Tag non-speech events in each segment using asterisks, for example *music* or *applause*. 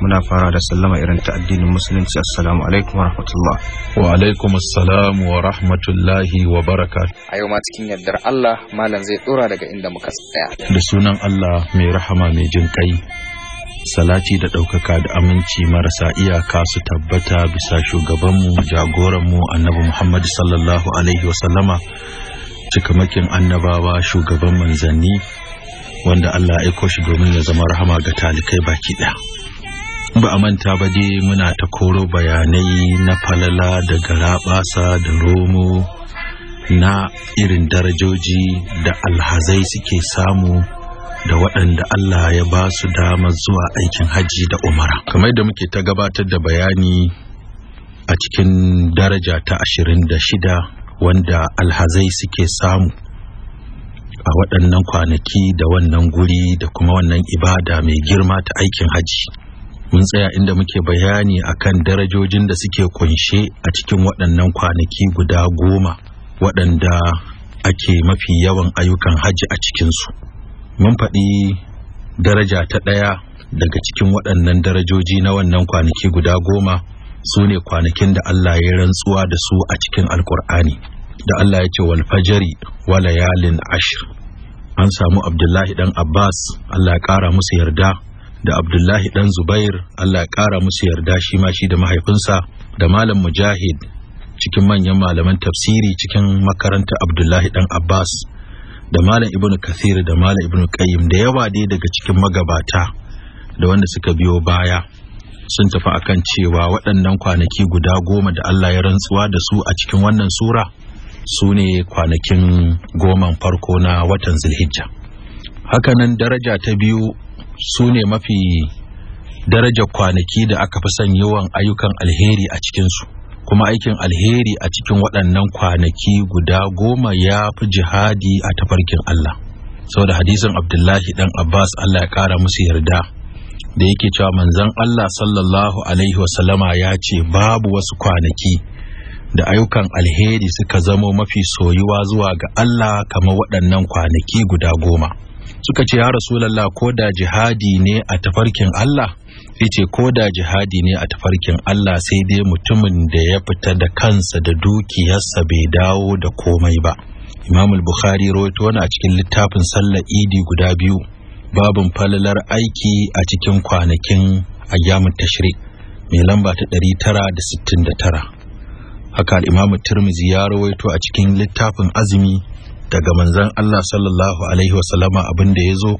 muna fara da sallama irin ta addinin musulunci assalamu alaikum wa wa alaikum assalam wa rahmatullahi wa baraka a yau ma cikin yardar Allah malam zai tsora daga inda muka tsaya da sunan Allah mai rahama mai jin kai salati da ɗaukaka da aminci marasa iyaka su tabbata bisa shugabanmu jagoranmu annabi Muhammad sallallahu alaihi wasallama cikamakin annabawa shugaban manzanni wanda Allah ya aiko shi domin ya zama rahama ga talikai baki ɗaya. ba a manta ba dai muna ta koro bayanai na falala da garaɓasa da romo na irin darajoji da alhazai suke samu da waɗanda Allah ya ba su dama zuwa aikin hajji da umara kamar da muke ta gabatar da bayani a cikin daraja ta ashirin da shida wanda alhazai suke samu a waɗannan kwanaki da wannan guri da kuma wannan ibada mai girma ta aikin haji mun tsaya inda muke bayani akan darajojin da suke kunshe a cikin waɗannan kwanaki guda goma waɗanda ake mafi yawan ayyukan haji a cikinsu mun faɗi daraja ta ɗaya daga cikin waɗannan darajoji na wannan kwanaki guda goma su ne kwanakin da Allah ya rantsuwa da su a cikin alkur'ani da Allah ya ce wal fajari wa layalin ashir an samu abdullahi dan abbas Allah ya kara musu yarda da abdullahi dan zubair Allah ya kara musu yarda shi ma shi da mahaifinsa da malam mujahid cikin manyan malaman tafsiri cikin makaranta abdullahi dan abbas da malam ibnu kathir da malam ibnu qayyim da yawa dai daga cikin magabata da wanda suka biyo baya sun tafi akan cewa waɗannan kwanaki guda goma da Allah ya rantsuwa da su a cikin wannan sura su ne kwanakin goman farko na watan zilhijja hakanan daraja ta biyu su ne mafi daraja kwanaki da aka fi son yawan ayyukan alheri a cikinsu kuma aikin alheri a cikin waɗannan kwanaki guda goma ya fi jihadi a tafarkin Allah saboda hadisin abdullahi dan abbas Allah ya kara musu yarda da yake cewa manzon Allah sallallahu alaihi wasallama ya ce babu wasu kwanaki da ayyukan alheri suka zamo mafi soyuwa zuwa ga Allah kamar waɗannan kwanaki guda goma suka ce ya rasulallah ko da jihadi ne a tafarkin Allah sai ce ko da jihadi ne a tafarkin Allah sai dai mutumin da ya fita da kansa da dukiyarsa bai dawo da komai ba Imam bukhari rawaito wani a cikin littafin sallar Idi guda biyu babin falalar aiki a cikin kwanakin ayyamin tashri mai lamba ta 969 haka al'imamu turmizi ya rawaito a cikin littafin azumi daga manzon Allah sallallahu alaihi wasallama abin da ya zo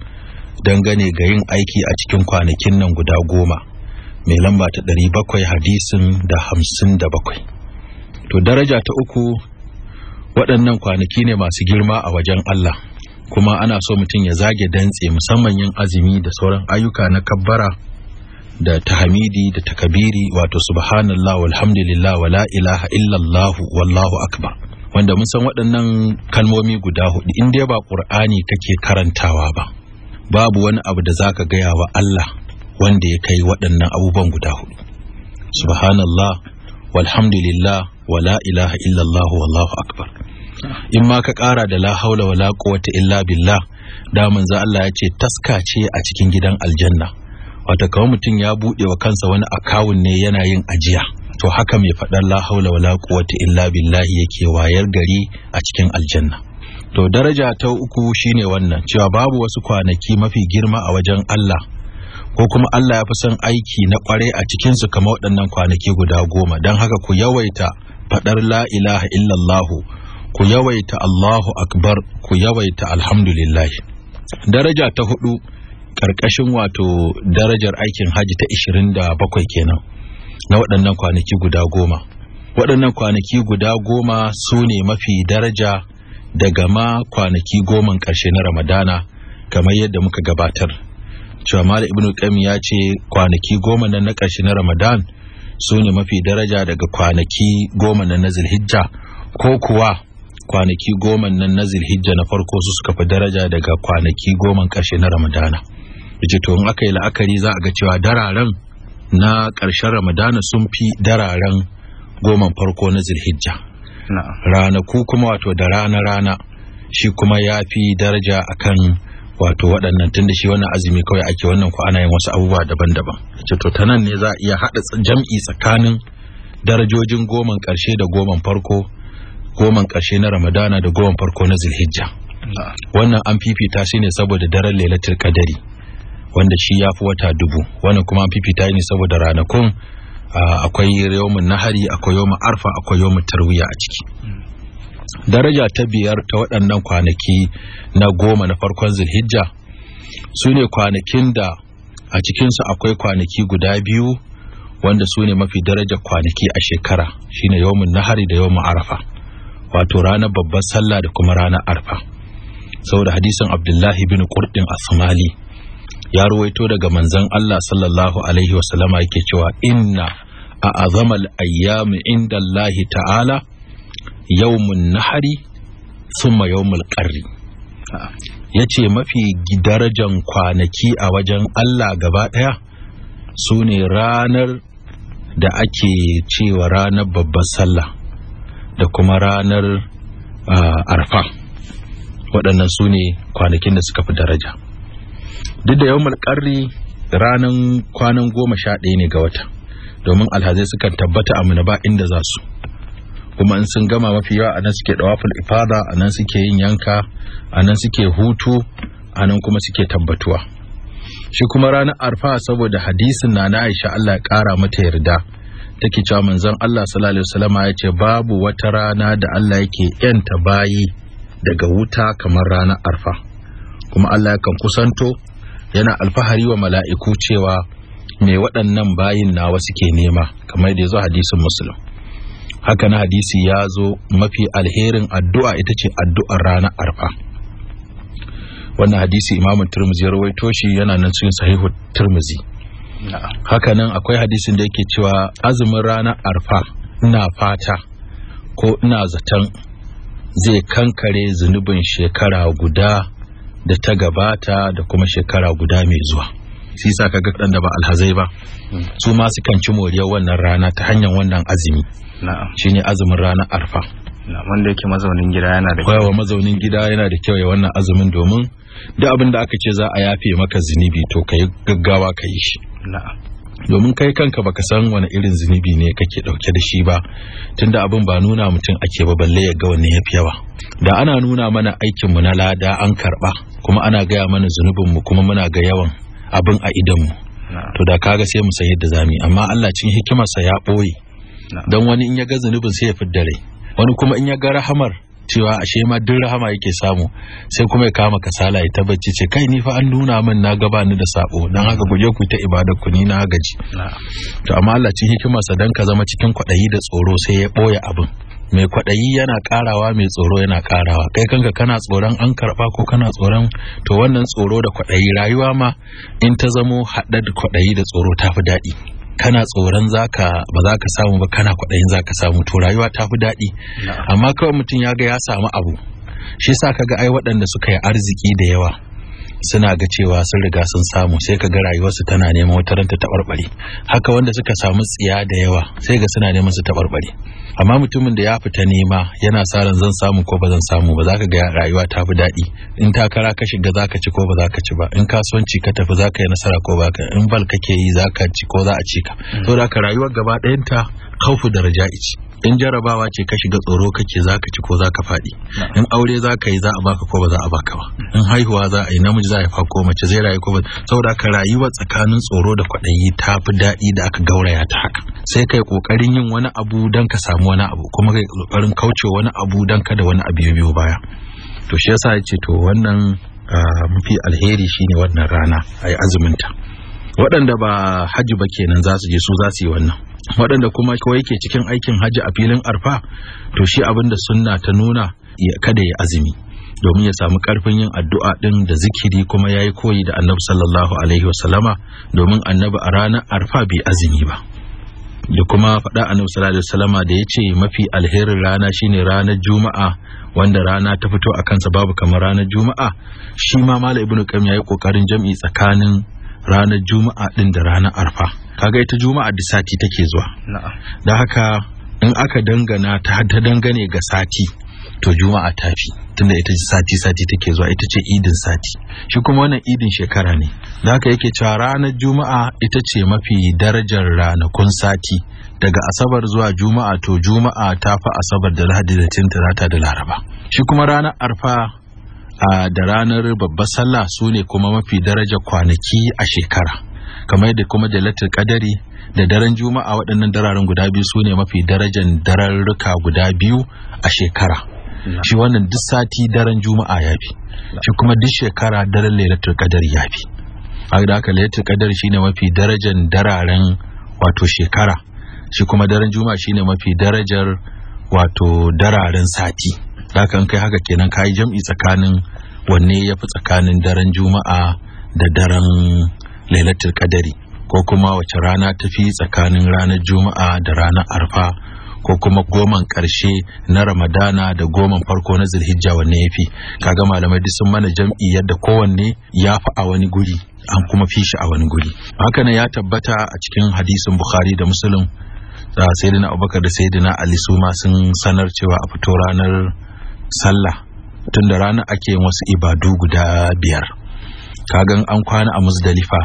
dangane ga yin aiki a cikin kwanakin nan guda goma mai lamba ta 700 hadisin da 57 to daraja ta uku waɗannan kwanaki ne masu girma a wajen Allah kuma ana so mutum ya zage dantse musamman yin azumi da sauran ayyuka na kabbara da tahmidi da takabiri wato subhanallah walhamdulillah wala ilaha illallah wallahu akbar wanda mun san waɗannan kalmomi guda hudu in dai ba qur'ani kake karantawa ba babu wani abu da zaka gaya wa Allah wanda ya kai waɗannan abubuwan guda hudu subhanallah walhamdulillah wala ilaha illallah wallahu akbar in ma ka ƙara da la haula wala quwwata illa billah da manzo Allah ya ce taska ce a cikin gidan aljanna wata kawai mutum ya bude wa kansa wani akawun ne yana yin ajiya to haka mai faɗar la haula wala quwwata illa billah yake wayar gari a cikin aljanna to daraja ta uku shine wannan cewa babu wasu kwanaki mafi girma a wajen Allah ko kuma Allah ya fi son aiki na kware a cikinsu kamar waɗannan kwanaki guda goma don haka ku yawaita faɗar la ilaha illallahu ku yawaita Allahu akbar ku yawaita alhamdulillah daraja ta hudu ƙarƙashin wato darajar aikin hajji ta da bakwai kenan na waɗannan kwanaki guda goma waɗannan kwanaki guda goma su ne mafi daraja daga ma kwanaki goman ƙarshe na ramadana kamar yadda muka gabatar cewa Ibn ibnu qayyim ya ce kwanaki goma nan na ƙarshe na ramadan su ne mafi daraja daga kwanaki goma nan na zulhijja ko kuwa kwanaki goma nan na zilhijja na farko su suka fi daraja daga kwanaki goman ƙarshe na ramadana yace to in aka yi la'akari za a ga cewa dararen na karshen ramadana sun fi dararen goman farko na zilhijja ranaku kuma wato da rana rana shi kuma ya fi daraja akan wato waɗannan tun da shi wannan azumi kawai ake wannan ko ana yin wasu abubuwa daban-daban ce to ta nan ne za a iya haɗa jam'i tsakanin darajojin goman ƙarshe da goman farko goman ƙarshe na ramadana da goman farko na zilhijja wannan an fifita shi ne saboda daren lailatul kadari wanda shi ya fi wata dubu wannan kuma an fifita ne saboda ranakun akwai yawon nahari akwai yawon arfa akwai yawon tarwiya a ciki hmm. daraja ta biyar ta waɗannan kwanaki na goma na farkon zulhijja su ne kwanakin da a cikinsu akwai kwanaki guda biyu wanda su ne mafi daraja kwanaki a shekara shine yawon nahari da yawon arafa wato ranar babban sallah da kuma ranar arfa saboda hadisin abdullahi bin kurdin asmali ya ruwaito daga manzon Allah sallallahu alaihi wasallama yake cewa inna a azamal ayyami inda Allah ta'ala yawmun nahari summa yawmul qarri yace mafi darajan kwanaki a wajen Allah gaba daya sune ranar da ake cewa ranar babbar sallah da kuma ranar arfa waɗannan su ne kwanakin da suka fi daraja duk da yawon ƙarri ranar kwanan goma sha ɗaya ne ga wata domin alhazai sukan tabbata a ba inda za su kuma in sun gama mafi yawa a nan suke ɗawafin ifada a suke yin yanka a suke hutu anan kuma suke tabbatuwa shi kuma ranar arfa saboda hadisin na na aisha allah ya ƙara mata yarda take cewa manzon Allah sallallahu alaihi wasallama ya ce babu wata rana da Allah yake yanta bayi daga wuta kamar ranar arfa kuma Allah ya kan kusanto yana alfahari wa mala'iku cewa me waɗannan bayin nawa suke nema kamar da ya zo hadisin muslim haka na hadisi ya zo mafi alherin addu'a ita ce addu'ar ranar arfa wannan hadisi imamun turmuzi ya rawaito shi yana nan cikin sahihu turmuzi hakanan akwai hadisin da yake cewa azumin ranar arfa na fata ko ina zaton zai kankare zunubin shekara guda da ta gabata da kuma shekara guda mai zuwa sai sa kaga dan da ba alhazai ba su ma su ci moriyar wannan rana ta hanyar wannan azumi shine azumin ranar arfa wanda yake mazaunin gida yana da kyau mazaunin gida yana da kyau ya wannan azumin domin duk abin da aka ce za a yafe maka zunubi to kai gaggawa ka yi shi na'am domin kai kanka baka san wani irin zunubi ne kake dauke da shi ba tunda abin ba nuna mutum ake ba balle ya ga wanne yafi yawa da ana nuna mana aikin mu na lada an karba kuma ana gaya mana zunubin mu kuma muna ga yawan abin a idan mu to da kaga sai mu san yadda zamu amma Allah cikin hikimarsa ya boye dan wani in ya ga zunubin sai ya fidda rai wani kuma in ya ga rahamar cewa ashe ma duk rahama yake samu sai kuma ya kama kasala ya tabbaci ce kai ni fa an nuna min na gaba ni da sabo dan haka ku yi ku ta ibadar ku ni na gaji to amma Allah cikin hikimarsa dan ka zama cikin kwadayi da tsoro sai ya boye abin mai kwaɗayi yana karawa mai tsoro yana karawa kai kanka kana tsoron an karɓa ko kana tsoron to wannan tsoro da kwaɗayi rayuwa ma in ta zamo hadda da kwaɗayi da tsoro ta fi daɗi kana tsoron zaka ba za ka samu ba kana kwaɗayin za ka samu to rayuwa ta fi daɗi amma kawai mutum ya ga ya samu abu shi sa kaga ai waɗanda suka yi arziki da yawa suna ga cewa sun riga sun samu sai ka ga rayuwarsu tana neman wata ranta taɓarɓare haka wanda suka samu tsiya da yawa sai ga suna neman su taɓarɓare amma mutumin da ya fita nema yana sa ran zan samu ko ba zan samu ba za ka ga rayuwa ta fi daɗi in takara ka shiga za ka ci ko ba za ka ci ba in kasuwanci ka tafi za ka yi nasara ko ba ka in bal kake yi za ka ci ko za a ci ka mm. saboda haka rayuwar gaba ɗayanta kaufu daraja ice in jarabawa ce ka shiga tsoro kake zaka ci ko zaka faɗi in aure za ka yi za a baka ko ba za a baka ba mm. in haihuwa za a yi namiji za a haifa ko mace zai rayu ko ba saboda ka rayuwa tsakanin tsoro da kwaɗayi ta fi daɗi da aka gauraya ta haka sai kai kokarin yin wani abu don ka samu wani abu kuma kai kokarin kauce wani abu don da wani abu ya biyo baya to shi yasa yace to wannan ah, mafi alheri shine wannan rana ayi azuminta waɗanda ba hajji ba kenan za su je su za su yi wannan waɗanda kuma kawai ke cikin aikin hajji a filin arfa to shi abin da sunna ta nuna kada ya azumi domin ya samu karfin yin addu'a ɗin da zikiri kuma ya yi koyi da annabi sallallahu alaihi wasallama domin annabi a ranar arfa bai azumi ba da kuma faɗa annabi sallallahu alaihi wasallama da ya ce mafi alherin rana shine ranar juma'a wanda rana ta fito a kansa babu kamar ranar juma'a shi ma Malam ibnu qayyim yayi kokarin jam'i tsakanin ranar juma'a ɗin da ranar arfa kaga ita juma'a da sati take zuwa da haka in aka dangana ta dangane ga sati to juma'a ta fi tunda ita sati sati take zuwa ita ce idin sati shi kuma wannan idin shekara ne da haka yake cewa ranar juma'a ita ce mafi darajar ranakun sati daga asabar zuwa juma'a to juma'a ta fi asabar da lahadi da tinta rata da laraba shi kuma ranar arfa da ranar babbar sallah su ne kuma mafi darajar kwanaki a shekara kamar da kuma da latin kadari da daren juma'a waɗannan dararen guda biyu su ne mafi darajan dararruka guda biyu a shekara shi wannan duk sati daren juma'a ya fi shi kuma duk shekara daren lailatul kadari ya fi a da aka lailatul kadari shine mafi darajan dararen wato shekara shi kuma daren juma'a shine mafi darajar wato dararen sati haka kai haka kenan kayi jam'i tsakanin wanne ya fi tsakanin daren juma'a da daren lailatul qadari ko kuma wace rana tafi tsakanin ranar juma'a da ranar arfa ko kuma goman karshe na ramadana da goman farko na zulhijja wanne ya fi kaga malamai duk sun mana jam'i yadda kowanne ya fi a wani guri an kuma fi shi a wani guri haka ya tabbata a cikin hadisin bukhari da muslim da sayyidina abubakar da sayyidina ali su ma sun sanar cewa a fito ranar sallah tunda ranar ake yin wasu ibadu guda biyar kagan an kwana a musdalifa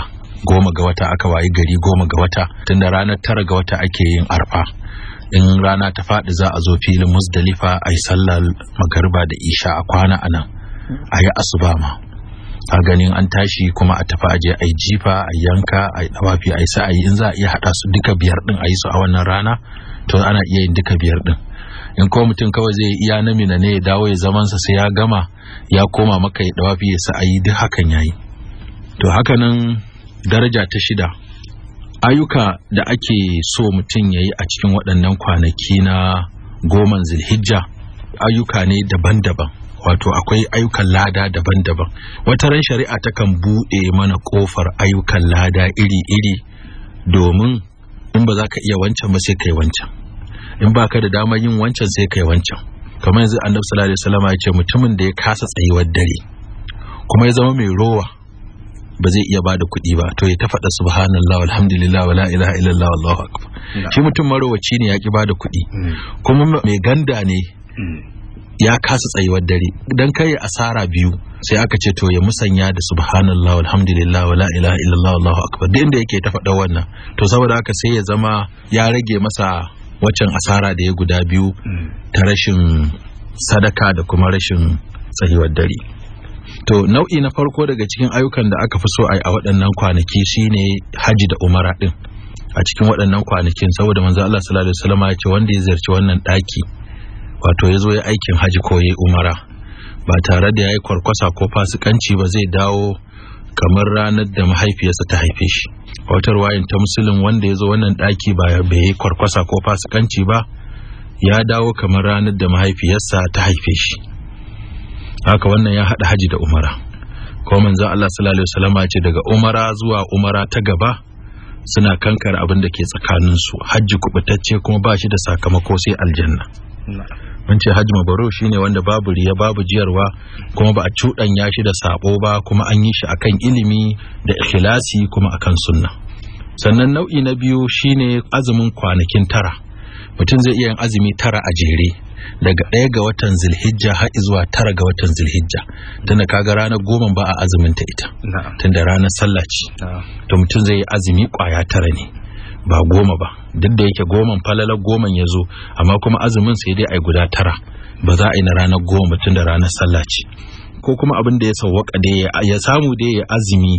goma ga wata aka wayi gari goma ga wata tunda ranar tara ga wata ake yin arfa in rana ta faɗi za a zo filin musdalifa a yi sallar magarba da isha a kwana anan, nan a yi asuba ma a ganin an tashi kuma a tafi aje a yi jifa a yanka a yi dawafi a yi yi, in za a iya haɗa su duka biyar ɗin a yi su a wannan rana to ana iya yin duka biyar ɗin in ko mutum kawai zai iya namina ne ya dawo ya zamansa sai ya gama ya koma maka ya dawafi ya yi duk hakan ya yi to haka nan daraja ta shida ayyuka da ake so mutum ya yi a cikin waɗannan kwanaki na goman zilhijja ayyuka ne daban-daban wato akwai ayyukan lada daban-daban wata ran shari'a takan buɗe mana ƙofar ayyukan lada iri-iri domin in ba za ka iya wancan ba sai kai wancan in ba ka da damar yin wancan sai kai wancan kamar yanzu annabi sallallahu alaihi wasallam ya ce mutumin da ya kasa tsayuwar dare kuma ya zama mai rowa ba zai iya bada kuɗi ba to ya ta faɗa subhanallah alhamdulillah wala ilaha illallah wallahu akbar shi mutum marowaci ne ya ki bada kuɗi hmm. kuma mai ganda ne hmm. ya kasa tsayuwar dare dan kai asara biyu sai aka ce to ya musanya da subhanallah alhamdulillah wala ilaha illallah wallahu akbar duk inda yake ta faɗa wannan to saboda haka sai ya zama ya rage masa waccan asara da ya guda biyu hmm. ta rashin sadaka da kuma rashin tsayuwar dare to nau'i na farko daga cikin ayyukan da aka fi so a yi a waɗannan kwanaki shine haji da umara din a cikin waɗannan kwanakin saboda manzo Allah sallallahu alaihi wasallam ya ce wanda ya ziyarci wannan daki wato ya zo ya aikin haji ko ya umara ba tare da ya yi kwarkwasa ko fasikanci ba zai dawo kamar ranar da mahaifiyarsa ta haife shi wata ruwayin ta musulun wanda ya zo wannan ɗaki ba bai yi kwarkwasa ko fasikanci ba ya dawo kamar ranar da mahaifiyarsa ta haife shi haka wannan ya haɗa haji da umara ko manzon Allah sallallahu alaihi ce daga umara zuwa umara ta gaba suna kankar abin da ke tsakanin su hajji kubutacce kuma ba shi da sakamako sai aljanna mun ce hajji mabaro shine wanda babu riya babu jiyarwa kuma ba a ya shi da sabo ba kuma an yi shi akan ilimi da ikhlasi kuma akan sunna sannan nau'i na biyu shine azumin kwanakin tara mutum zai iya yin azumi tara a jere daga ɗaya ga watan zilhijja har zuwa tara ga watan zilhijja tunda kaga ranar goma ba a azumin ta ita tunda ranar sallah ce to mutum zai yi azumi kwaya tara ne ba goma ba duk da yake goman falalar goman ya zo amma kuma azumin sai dai ai guda tara ba za a yi na ranar goma tunda ranar sallah ce ko kuma abin da ya sauka da ya samu da ya azumi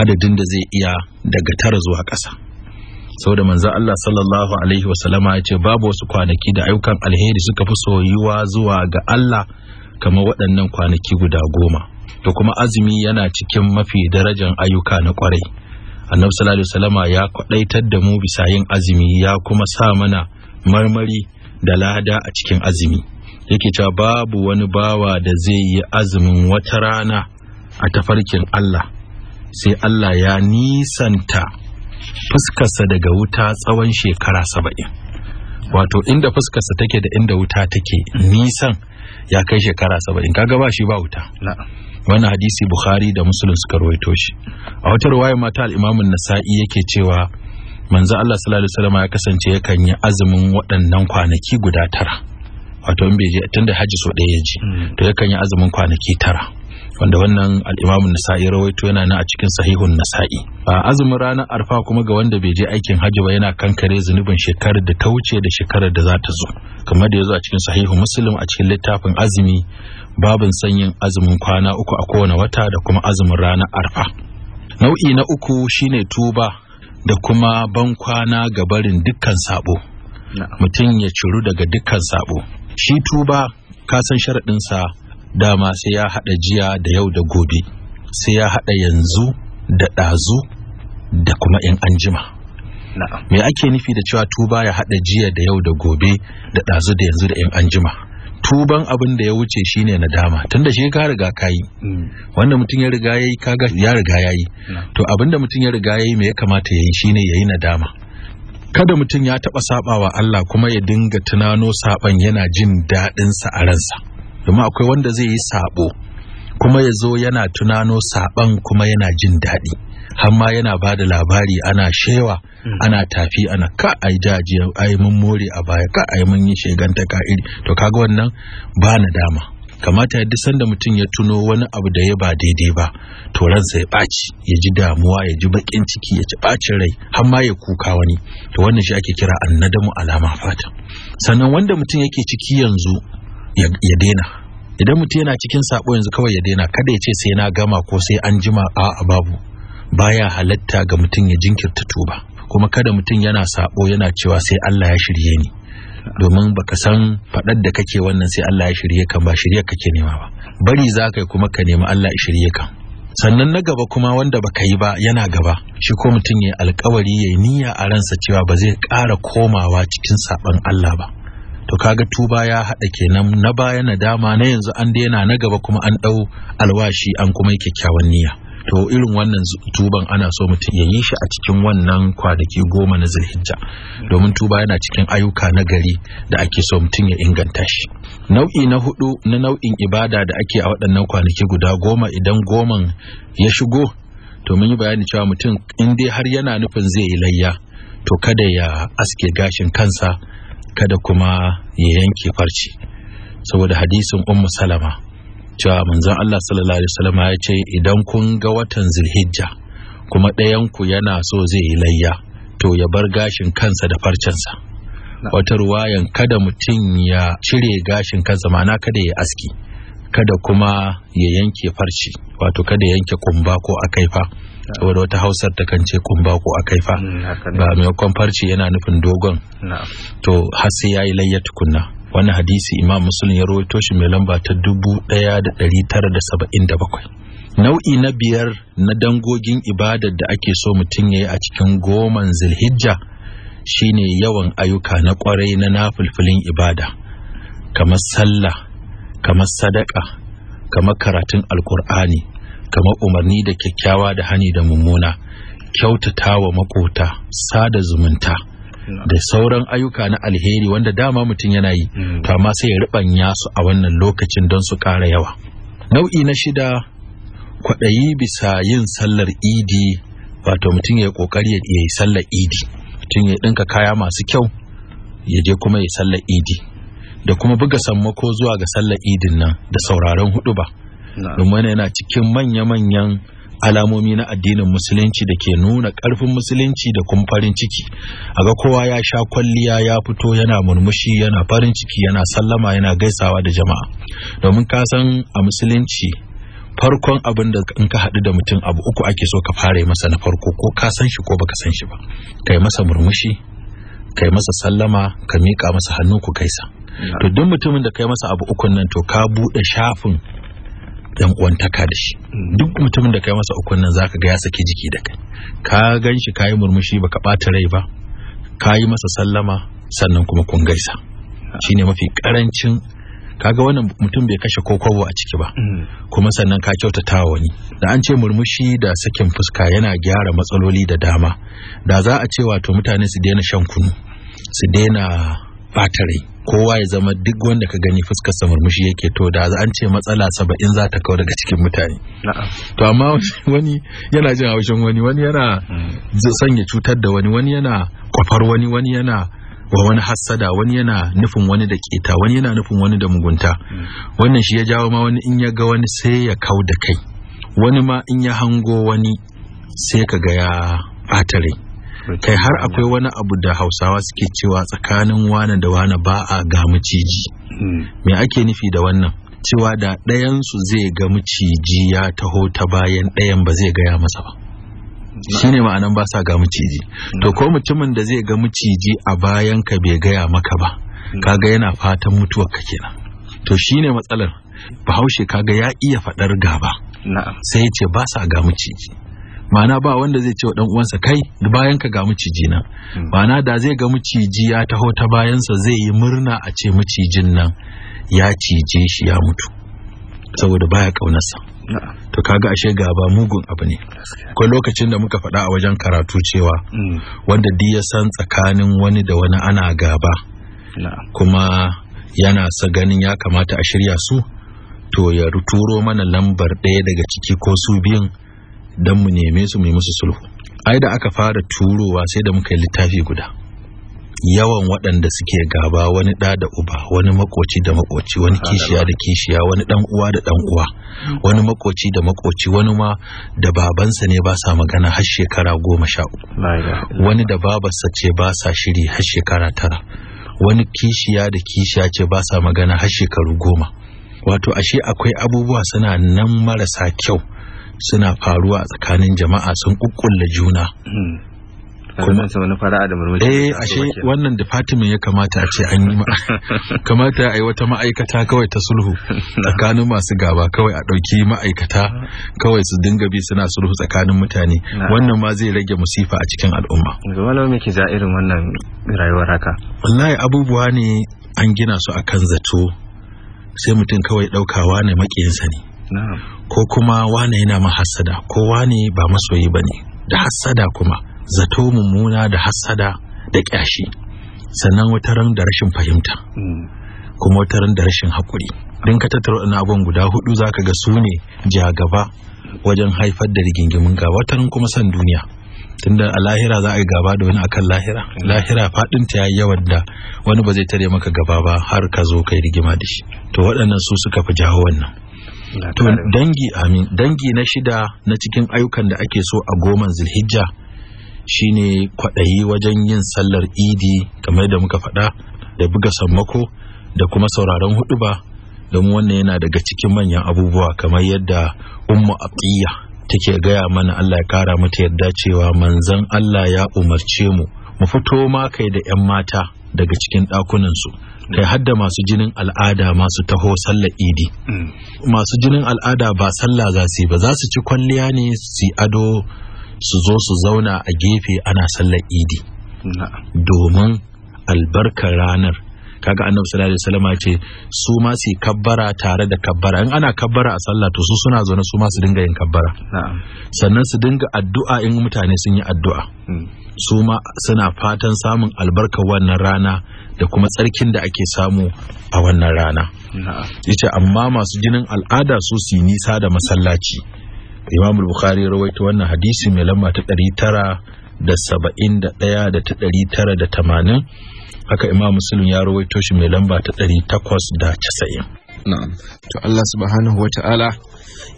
adadin da zai iya daga tara zuwa ƙasa saboda manzo Allah sallallahu alaihi wasallama ya ce babu wasu kwanaki da ayyukan alheri suka fi soyuwa zuwa ga Allah kamar waɗannan kwanaki guda goma to kuma azumi yana cikin mafi darajan ayyuka na kwarai annabi sallallahu alaihi wasallama ya kwadaitar da mu bisa yin azumi ya kuma sa mana marmari da lada a cikin azumi yake cewa babu wani bawa da zai yi azumin wata rana a tafarkin Allah sai Allah ya nisanta fuskarsa daga wuta tsawon shekara saba'in wato inda fuskarsa take da inda wuta take nisan ya kai shekara saba'in kaga ba shi ba wuta Wani hadisi bukhari da Musulun suka rawaito shi a wata ruwaya mata al'imamin nasa'i yake cewa manzo Allah sallallahu alaihi wasallam ya kasance yakan yi azumin waɗannan kwanaki guda tara wato in bai je tunda haji so ɗaya ya ji hmm. to yakan yi azumin kwanaki tara wanda wannan al'imamun nasa'i rawaito yana nan a cikin sahihun nasa'i a azumin ranar arfa kuma ga wanda bai je aikin hajji ba yana kankare zunubin shekarar da ta wuce da shekarar da za ta zo kamar da ya zo a cikin sahihun muslim a cikin littafin azumi babin sanyin azumin kwana uku a kowane wata da kuma azumin ranar arfa nau'i na uku shine tuba da kuma ban kwana ga barin dukkan sabo mutum ya ciru daga dukkan sabo shi tuba ka san sharaɗinsa dama sai ya haɗa jiya da yau da gobe sai ya haɗa yanzu da ɗazu da kuma in an me ake nufi da cewa tuba ya haɗa jiya da yau da gobe da ɗazu da yanzu da in an tuban abin da ya wuce shine nadama tunda shi ka riga ka yi mm. wanda mutum ya riga yayi kaga ya riga yayi to abin da mutum ya riga yayi me ya kamata yayi shine yayi nadama kada mutum ya taba sabawa Allah kuma ya dinga tunano saban yana jin daɗinsa a ransa domin akwai wanda zai yi sabo kuma ya zo yana tunano saban kuma yana jin daɗi har yana ba da labari ana shewa hmm. ana tafi ana ka a yi mun more a baya ka a mun yi sheganta ka iri to kaga wannan ba na dama kamata yadda sanda mutum ya tuno wani abu da ya ba daidai ba to ransa ya ɓaci ya ji damuwa ya ji baƙin ciki ya ci ɓacin rai har ma ya kuka wani to wannan shi ake kira annadamu alama fata sannan wanda mutum yake ciki yanzu ya daina idan mutum yana cikin sabo yanzu kawai ya daina kada ya ce sai na gama ko sai an jima a babu baya halatta ga mutum ya jinkirta tuba kuma kada mutum yana sabo yana cewa sai Allah ya shirye ni domin baka san fadar da kake wannan sai Allah ya shirye ka ba shirye kake nema ba bari za ka kuma ka nemi Allah ya shirye ka sannan na gaba kuma wanda baka yi ba yana gaba shi ko mutum ya alkawari ya niyya a ransa cewa ba zai ƙara komawa cikin saban Allah ba to kaga tuba ya haɗa kenan na baya na dama na yanzu an daina na gaba kuma an ɗau alwashi an kuma yi kyakkyawan niyya to irin wannan tuban ana so mutum ya yi shi a cikin wannan kwanaki goma na zulhijja domin tuba yana cikin ayyuka na gari da ake so mutum ya inganta shi nau'i na hudu na nau'in ibada da ake a waɗannan kwanaki guda goma idan goman ya shigo to mun yi bayani cewa mutum in dai har yana nufin zai yi layya to kada ya aske gashin kansa kada kuma ya yanke farce saboda hadisin ummu salama cewa manzon Allah sallallahu alaihi wasallam ya ce idan kun ga watan zulhijja kuma ɗayan ku yana so zai yi layya to ya bar gashin kansa da farcensa wata ruwayan kada mutum ya cire gashin kansa ma'ana kada ya aski kada kuma ya yanke farce wato kada ya yanke kumba ko akaifa saboda wata hausar ta kan ce kumba ko a kaifa mm, ba maimakon farci yana nufin dogon to har sai yi layya tukunna wani hadisi imam muslim ya rawaito shi mai lamba ta dubu ɗaya tara da saba'in da bakwai nau'i na biyar na dangogin ibadar da ake so mutum ya yi a cikin goman zilhijja shine yawan ayyuka na kwarai na nafulfulin ibada kamar sallah kamar sadaka kamar karatun alkur'ani kamar umarni da kyakkyawa da hani da mummuna kyautata wa makota sada zumunta da sauran ayyuka na alheri wanda dama mutum yana yi hmm. to amma sai ya ribanya su a wannan lokacin don su ƙara yawa nau'i na shida kwaɗayi bisa yin sallar idi wato mutum ya ƙoƙari ya yi sallar idi mutum ya ɗinka kaya masu kyau ya je kuma ya sallar idi da kuma buga sammako zuwa ga sallar idin nan da sauraron hudu ba domin yana cikin manya-manyan alamomi na addinin musulunci da ke nuna karfin musulunci da kuma farin ciki a ga kowa ya sha kwalliya ya fito yana murmushi yana farin ciki yana sallama yana gaisawa da jama'a domin ka san a musulunci farkon abin da in ka haɗu da mutum abu uku ake so ka fara masa na farko ko ka san shi ko baka san shi ba kai masa murmushi kai masa sallama ka miƙa masa hannu ku gaisa to duk mutumin da kai masa abu ukun nan to ka buɗe shafin yan uwantaka da shi mm. duk mutumin da kai masa ukun nan zaka ga ya saki jiki da kai ka gan shi kayi murmushi baka bata rai ba kayi masa sallama sannan kuma kun gaisa shine mafi karancin kaga wannan mutum bai kashe ko a ciki ba mm. kuma sannan ka kyautata wani da an ce murmushi da sakin fuska yana gyara matsaloli da dama da za a ce wato mutane su daina shan kunu su daina bata rai kowa ya zama duk wanda ka gani fuskar sa murmushi yake to da an ce matsala saba'in za ta kawo daga cikin mutane to amma wani yana jin haushin wani wani yana hmm. son ya cutar da wani wani yana kwafar wani wani yana wa wani hassada wani yana nufin wani da keta wani yana nufin wani da mugunta hmm. wannan shi ya jawo ma wani in ya ga wani sai ya kau da kai wani ma in ya hango wani sai ka ga ya ɓata kai har akwai wani abu da hausawa suke cewa tsakanin wane da wane ba a ga maciji hmm. me ake nufi da wannan cewa da ɗayansu zai ga maciji ya taho ta bayan ɗayan ba zai gaya masa ba Shi ne ma'anan ba sa ga maciji hmm. to ko mutumin da zai ga maciji a bayan ka bai gaya maka ba hmm. kaga yana fatan mutuwar ka kenan to shi ne matsalar bahaushe kaga ya iya faɗar gaba sai ce ba sa ga maciji ma'ana ba wanda zai ce wa dan uwansa kai bayan ka ga miciji nan hmm. ma'ana da zai ga miciji ya taho ta bayansa zai yi murna a ce macijin nan ya cije shi ya mutu saboda baya kaunarsa to kaga ashe gaba mugun abu ne akwai lokacin da muka faɗa a wajen karatu cewa hmm. wanda di ya san tsakanin wani da wani ana gaba kuma yana sa ganin ya kamata a shirya su to ya turo mana lambar ɗaya daga ciki ko su biyun Dan mu neme su mu yi musu sulhu ai da aka fara turowa sai da muka yi littafi guda yawan waɗanda suke gaba wani ɗa da uba wani makoci da makoci wani kishiya da kishiya wani ɗan uwa da ɗan uwa hmm. wani makoci da makoci wani ma da babansa ne ba sa magana har shekara goma sha uku wani da babarsa ce ba sa shiri har shekara tara wani kishiya da kishiya ce ba sa magana har shekaru goma wato ashe akwai abubuwa suna nan marasa kyau suna faruwa tsakanin jama'a sun kukkulla juna hmm. kuma su wani fara'a da murmushi eh ashe wannan department ya kamata a ce an yi *laughs* kamata a yi wata ma'aikata kawai ta sulhu *laughs* tsakanin masu gaba kawai a ɗauki ma'aikata kawai su dinga bi suna sulhu tsakanin mutane ah. wannan ma zai rage musifa a cikin al'umma zama lau muke ja irin wannan rayuwar haka wallahi abubuwa ne an gina su akan zato sai mutum kawai ɗaukawa ne maƙiyinsa ne ko kuma wane yana mahasada ko wane ba masoyi ba ne da hasada kuma zato mummuna da hasada da ƙyashi sannan wata ran da rashin fahimta mm. kuma wata ran da rashin haƙuri don ka tattara wani abin guda hudu za ka ga su ne ja gaba wajen haifar da rigingimin gaba ran kuma san duniya tunda a lahira za a yi gaba da wani akan lahira lahira faɗin ta yayi yawan da wani ba zai tare maka gaba ba har ka zo kai rigima da shi to waɗannan su suka fi jawo wannan to dangi amin dangi na shida na cikin ayyukan da ake so a goman zulhijja shine kwaɗayi wajen yin sallar idi kamar da muka faɗa da buga sammako da kuma sauraron huduba don wannan yana daga cikin manyan abubuwa kamar yadda ummu atiya take gaya mana Allah ya kara mata yadda cewa manzon Allah ya umarce mu mu fito ma kai da 'yan mata daga cikin ɗakunansu kai hadda masu jinin al'ada masu taho sallar idi mm. masu jinin al'ada ba sallah za su ba za su ci kwalliya ne su ado su zo su zauna a gefe ana sallar idi domin albarkar ranar kaga annabi sallallahu alaihi wasallam ce su ma su kabbara tare da kabbara in ana kabbara a sallah to su suna zaune su ma su dinga yin kabbara sannan su dinga addu'a in mutane sun yi addu'a hmm. su ma suna fatan samun albarkar wannan rana da kuma tsarkin da ake samu a wannan rana yace amma masu jinin al'ada su su nisa da masallaci imam bukhari rawaita wannan hadisi mai lamba ta 971 da ta 980 haka imam muslim ya rawaito shi mai lamba ta 890 na'am to Allah subhanahu wata'ala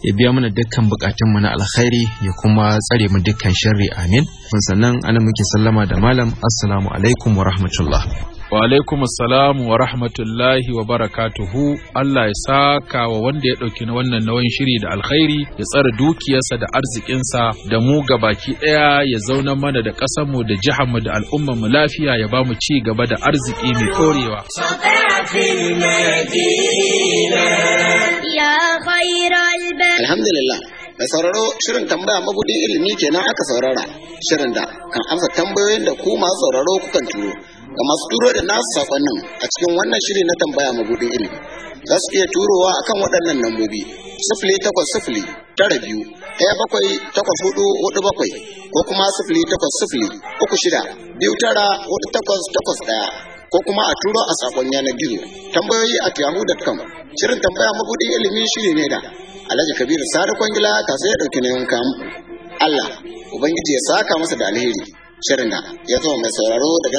ya biya mana dukkan bukatun mu na alkhairi ya kuma tsare mu dukkan sharri amin sannan ana muke sallama da malam assalamu alaikum wa rahmatullah wa alaikum assalamu wa rahmatullahi wa barakatuhu Allah ya saka wa wanda ya ɗauki na wannan nauyin shiri da alkhairi ya tsara dukiyarsa da arzikinsa da mu baki ɗaya ya zauna mana da ƙasarmu da jiharmu da al'ummarmu lafiya ya ba mu ci gaba da arziki mai ɗorewa. Alhamdulillah. da sauraro shirin tambaya magudin ilimi kenan aka saurara shirin da kan amsa tambayoyin da ku masu sauraro kukan turo ga masu turo da nasu sakonnin a cikin wannan shiri na tambaya mabudin ilimi za su iya turowa akan waɗannan lambobi sifili takwas sifili tara biyu ɗaya bakwai takwas hudu hudu bakwai ko kuma sifili takwas sifili uku shida biyu tara hudu takwas takwas ɗaya ko kuma a turo a sakon yanar gizo tambayoyi a yahoo.com shirin tambaya mabudin ilimin shiri ne da alhaji kabiru sadu kwangila ta sai ya ɗauki nayin kamu allah ubangiji ya saka masa da alheri shirin da ya zama mai sauraro daga